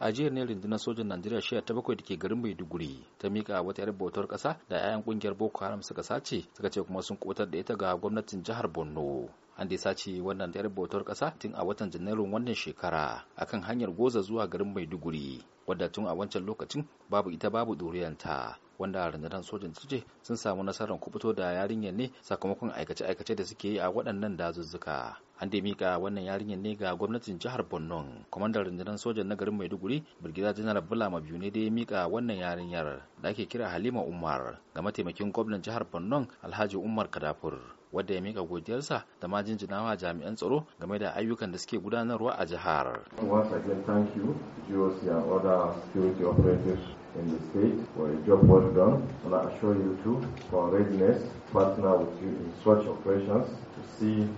a jihar ne rundunar sojan najeriya shiya ta bakwai da ke garin maiduguri ta mika wata yar bautar kasa da 'ya'yan kungiyar boko haram suka sace suka ce kuma sun kotar da ita ga gwamnatin jihar borno an dai sace wannan yar bautar kasa tun a watan janairun wannan shekara akan hanyar goza zuwa garin maiduguri wadda tun a wancan lokacin babu ita babu duriyanta wanda rundunar sojan ta sun samu nasarar kubuto da yarinyar ne sakamakon aikace-aikace da suke yi a waɗannan dazuzzuka an dai mika wannan yarinyar ne ga gwamnatin jihar borno kwamandar rundunar sojan na garin maiduguri birgida janar bulama biyu ne da ya mika wannan yarinyar da ake kira halima umar ga mataimakin gwamnan jihar borno alhaji umar kadafur wadda ya mika godiyarsa da ma jinjina jami'an tsaro game da ayyukan da suke gudanarwa a jihar. Once again, thank you, GOC and other security operators in the state for a job well done. And I assure you too, for readiness, partner with you in such operations to see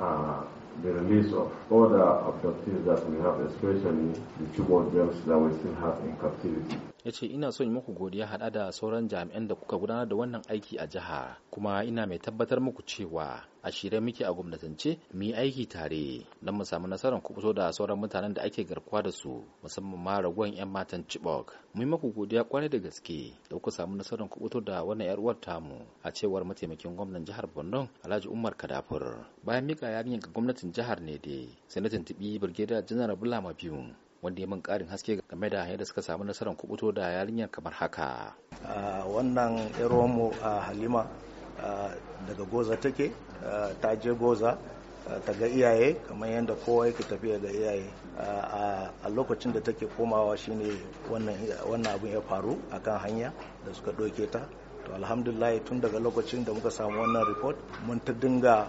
uh, the release of all the abductees that we have, especially the two that we still have in captivity. ya ce ina son yi muku godiya hada da sauran jami'an da kuka gudanar da wannan aiki a jiha kuma ina mai tabbatar muku cewa a shirye muke a gwamnatance mu yi aiki tare don mu samu nasarar kubuto da sauran mutanen da ake garkuwa da su musamman ma ragon 'yan matan chibok mu yi muku godiya kwarai da gaske da kuka samu nasarar kubuto da wannan yar uwar tamu a cewar mataimakin gwamnan jihar borno alhaji umar kadafur bayan mika yarinyar ga gwamnatin jihar ne dai sai na tuntubi brigadier general bulama biyu wanda ya min karin haske game da yadda suka samu nasarar kubuto da yarinyar kamar haka wannan mu a halima daga goza take ta je goza ta ga iyaye kamar yadda kowa yake tafiya ga iyaye a lokacin da take komawa shine wannan abin ya faru akan hanya da suka ɗauke ta to alhamdulillah tun daga lokacin da muka samu wannan report mun ta dinga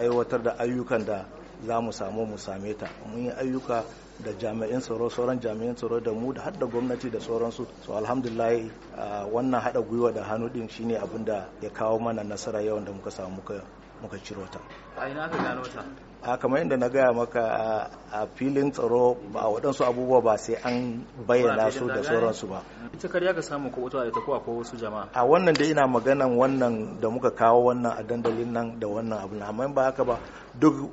aiwatar da ayyukan da za mu samu mu same ta mun yi ayyuka da jami'in tsaro sauran jami'in tsaro da mu da hadda gwamnati da sauransu so alhamdulillah uh, wannan hada gwiwa da hannu din shine abin da ya kawo mana nasara yawan da muka samu muka ciro ta a ina ka gano ta a kamar yadda na gaya maka a filin tsaro ba waɗansu abubuwa ba sai an bayyana su da sauransu ba ita karya ka samu ko a ita ko akwai wasu jama'a a wannan da ina maganan wannan da muka kawo wannan a dandalin nan da wannan abu na amma ba haka ba duk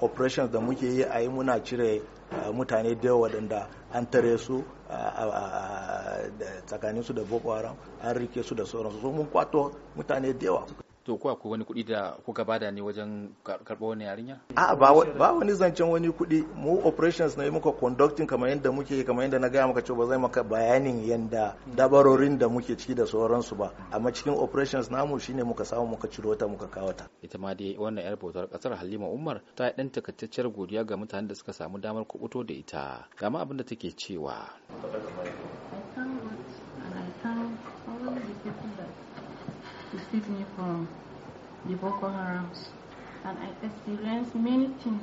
operations da muke yi a yi muna cire mutane da yawa waɗanda an tare su tsakanin su da boko haram an rike su da sauransu mun kwato mutane da yawa to ko akwai wani kuɗi da kuka bada ne wajen karɓar wani yarinya a'a ba wani zancen wani kuɗi mu operations na yi muka conducting kamar yadda muke kamar yadda na gaya maka cewa ba zai maka bayanin yadda dabarorin da muke ciki da sauransu ba amma cikin operations namu shine muka samu muka ciro ta muka kawo ta ita ma dai wannan yar bautar kasar Halima Umar ta yi ɗan takaitacciyar godiya ga mutanen da suka samu damar kubuto da ita ga ma abin da take cewa freed me from the Boko Harams and I experienced many things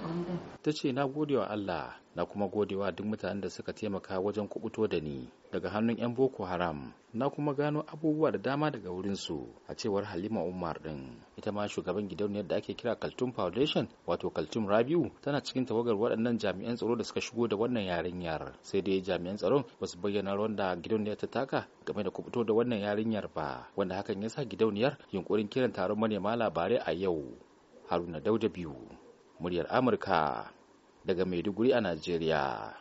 from them. Ta ce na gode wa Allah na kuma gode wa duk mutanen da suka taimaka wajen kubuto da ni. daga hannun 'yan boko haram na kuma gano abubuwa da dama daga wurinsu a cewar halima umar din ita ma shugaban gidauniyar da ake kira kaltum foundation wato kaltum rabiu tana cikin tawagar waɗannan jami'an tsaro da suka shigo da wannan yarinyar sai dai jami'an tsaron ba su bayyana ruwan da gidauniyar ta taka game da kubuto da wannan yarinyar ba wanda hakan ya sa gidauniyar yunkurin kiran taron manema labarai a yau haruna dauda biyu muryar amurka daga maiduguri a najeriya